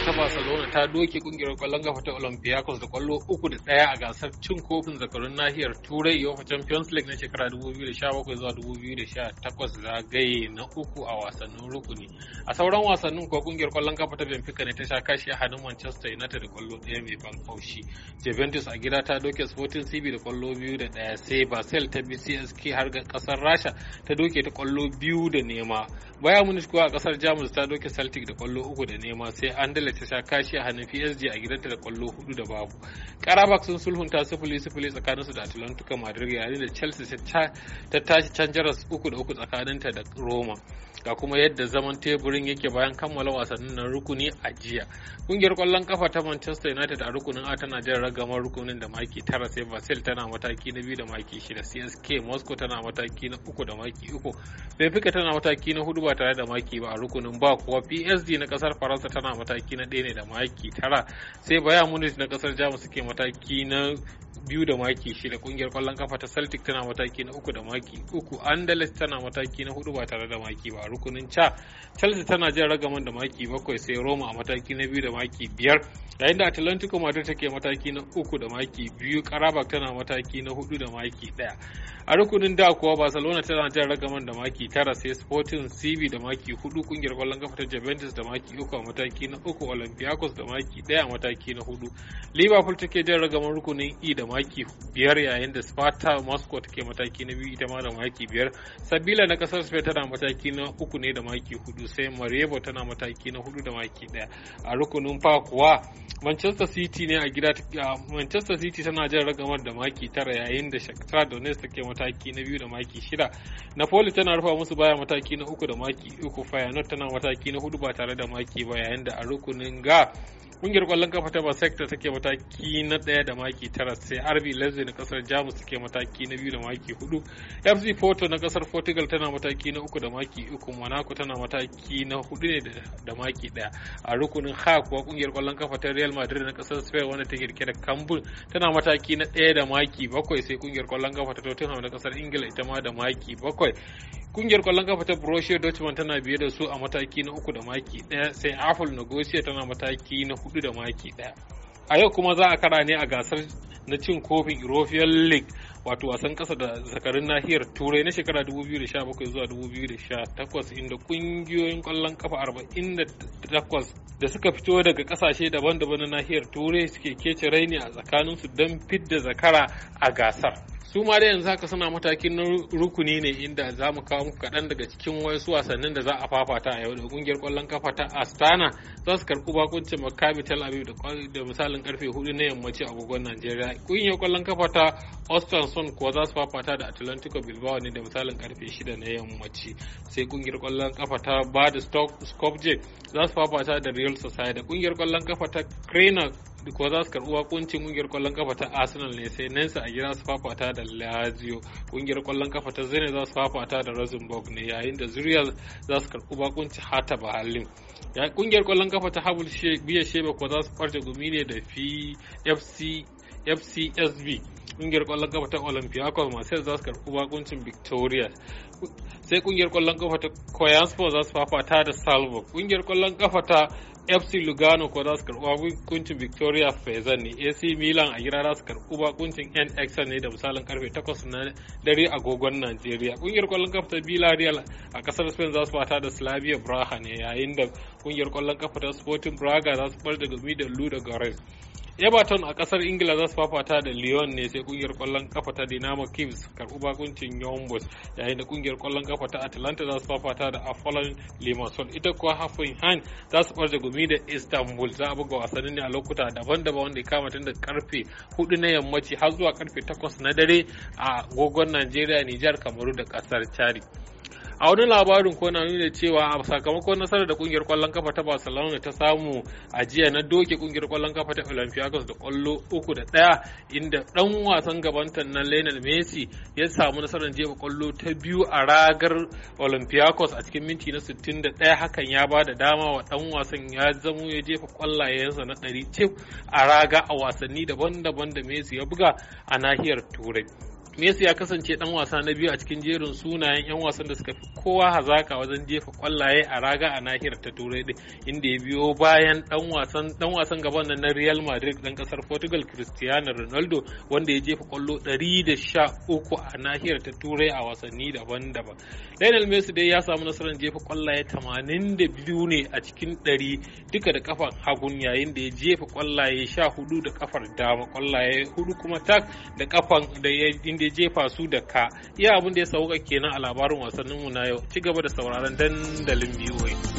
kafa ta Barcelona ta doke kungiyar kwallon kafa ta Olympiacos da kwallo uku da ɗaya a gasar cin kofin zakarun nahiyar Turai UEFA Champions League na shekara 2017 zuwa 2018 zagaye na uku a wasannin rukuni. A sauran wasannin kuwa kungiyar kwallon kafa ta Benfica ne ta sha kashi a hannun Manchester United da kwallo ɗaya mai ban kaushi. Juventus a gida ta doke Sporting CB da kwallo biyu da ɗaya sai Basel ta bi CSK har ga ƙasar Rasha ta doke ta kwallo biyu da nema. Bayern Munich kuwa a ƙasar Jamus ta doke Celtic da kwallo uku da nema sai Andel Villa ta sa kashi a hannun PSG a gidanta da kwallo hudu da babu. Karabak sun sulhunta sifili sifili tsakaninsu da Atlantico Madrid yayin da Chelsea ta tashi can jaras uku da uku tsakaninta da Roma. Ga kuma yadda zaman teburin yake bayan kammala wasannin na rukuni a jiya. Kungiyar kwallon kafa ta Manchester United a rukunin A tana jan ragamar rukunin da maki tara sai Basel tana mataki na biyu da maki shida CSK Moscow tana mataki na uku da maki uku. Benfica tana mataki na hudu ba tare da maki ba a rukunin ba kuwa PSG na kasar Faransa tana mataki mataki na ɗaya ne da maki tara sai baya munich na kasar jamus suke mataki na biyu da maki shida kungiyar kwallon kafa ta celtic tana mataki na uku da maki uku andalus tana mataki na hudu ba tare da maki ba rukunin ca chelsea tana jin ragaman da maki bakwai sai roma a mataki na biyu da maki biyar yayin da atlantico madrid take mataki na uku da maki biyu karabak tana mataki na hudu da maki daya a rukunin da kuwa barcelona tana jin ragaman da maki tara sai sporting cb da maki hudu kungiyar kwallon kafa ta juventus da maki uku a mataki na uku uku olympiacos da maki daya a mataki na hudu liverpool take jan ragamar rukunin e da maki biyar yayin da sparta moscow take mataki na biyu ita ma da maki biyar sabila na kasar spain tana mataki na uku ne da maki hudu sai marebo tana mataki na hudu da maki daya a rukunin fa kuwa manchester city ne a gida manchester city tana jan ragamar da maki tara yayin da shakhtar donetsk take mataki na biyu da maki shida napoli tana rufa musu baya mataki na uku da maki uku fayanot tana mataki na hudu ba tare da maki ba yayin da a rukunin rukunin ga kungiyar kwallon kafa ta Basecta take mataki na daya da maki tara sai RB Leipzig na kasar Jamus take mataki na biyu da maki hudu FC Porto na kasar Portugal tana mataki na uku da maki uku Monaco tana mataki na hudu ne da maki daya a rukunin ha kuwa kungiyar kwallon kafa ta Real Madrid na kasar Spain wanda take rike da kambun tana mataki na daya da maki bakwai sai kungiyar kwallon kafa ta Tottenham na kasar Ingila ita ma da maki bakwai Kungiyar kwallon kafa ta Borussia Dortmund tana biye da su a mataki na uku da maki daya sai Apple Nicosia tana mataki na hudu da maki daya. A yau kuma za a kara ne a gasar na cin kofin European League wato wasan kasa da zakarin nahiyar turai na shekara 2017 zuwa 2018 inda kungiyoyin kwallon kafa 48 da suka fito daga kasashe daban-daban na nahiyar turai suke kece raini a tsakaninsu don fidda zakara a gasar su ma da yanzu haka suna matakin na rukuni ne inda za mu kawo muku kaɗan daga cikin wasu wasannin da za a fafata a yau da kungiyar ƙwallon kafa ta astana za su karɓi bakuncin makami tel aviv da misalin karfe hudu na yammaci a agogon najeriya kungiyar ƙwallon kafa ta austin sun kuwa za su fafata da atlantico bilbao ne da misalin karfe shida na yammaci sai kungiyar ƙwallon kafa ta bad skopje za su fafata da real society da kungiyar ƙwallon kafa ta crane kuma za su karbi wakuncin kungiyar kwallon kafa ta Arsenal ne sai Nansa a gida su fafata da Lazio kungiyar kwallon kafa ta Zane za su fafata da Rosenborg ne yayin da Zuriya za su karbi wakuncin Hata Berlin ya kungiyar kwallon kafa ta Habul biya Shebe ko za su kwarce gumi ne da FC FCSB kungiyar kwallon kafa ta olympiacos masu za su karɓi wakuncin victoria sai kungiyar kwallon kafa ta koyan za su fafata da salvo kungiyar kwallon kafa ta fc lugano ko za su karɓi hukuncin victoria faison ne ac milan a gida za su karɓi bakuncin nx ne da misalin karfe 8 na dare agogon najeriya ƙungiyar ƙwallon kafa ta villarreal a ƙasar spain za su fata da slavia braha ne yayin da ƙungiyar kwallon kafa ta sporting braga za su bar da gumi da lu Everton a kasar Ingila za su fafata da Lyon ne sai kungiyar kwallon kafa ta Dinamo Kiev karbu bakuncin Yombos yayin da kungiyar kwallon kafa ta Atlanta za su fafata da Apollon Limassol ita kuwa Hoffenheim za su barje gumi da Istanbul za a buga wasannin ne a lokuta daban-daban wanda ya kama tun da karfe 4 na yammaci har zuwa karfe 8 na dare a gogon Najeriya, Niger Kamaru da kasar Chari. a wani labarin ko na nuna cewa a sakamakon nasarar da kungiyar kwallon kafa ta barcelona ta samu a jiya na doke kungiyar kwallon kafa ta olympiacos da kwallo uku da daya inda dan wasan gabanta na lionel messi ya samu nasarar jefa kwallo ta biyu a ragar olympiacos a cikin minti na 61 hakan ya ba da dama wa dan wasan ya zamo ya jefa kwallayensa na 100 a raga a wasanni daban-daban da messi ya buga a nahiyar turai Messi ya kasance dan wasa na biyu a cikin jerin sunayen 'yan wasan da suka fi kowa hazaka wajen jefa kwallaye a raga a nahiyar ta turai din inda ya biyo bayan dan wasan dan wasan gaban na Real Madrid dan kasar Portugal Cristiano Ronaldo wanda ya jefa kwallo 113 a nahiyar ta turai a wasanni daban-daban. Lionel Messi dai ya samu nasarar jefa kwallaye 82 ne a cikin 100 duka da kafan hagun yayin da ya jefa kwallaye 14 da kafar dama kwallaye 4 kuma tak da kafan da ya da ya jefa su da ka iya abin da ya sauka kenan a labarin wasanninmu na yau ci gaba da sauraron dandalin biyu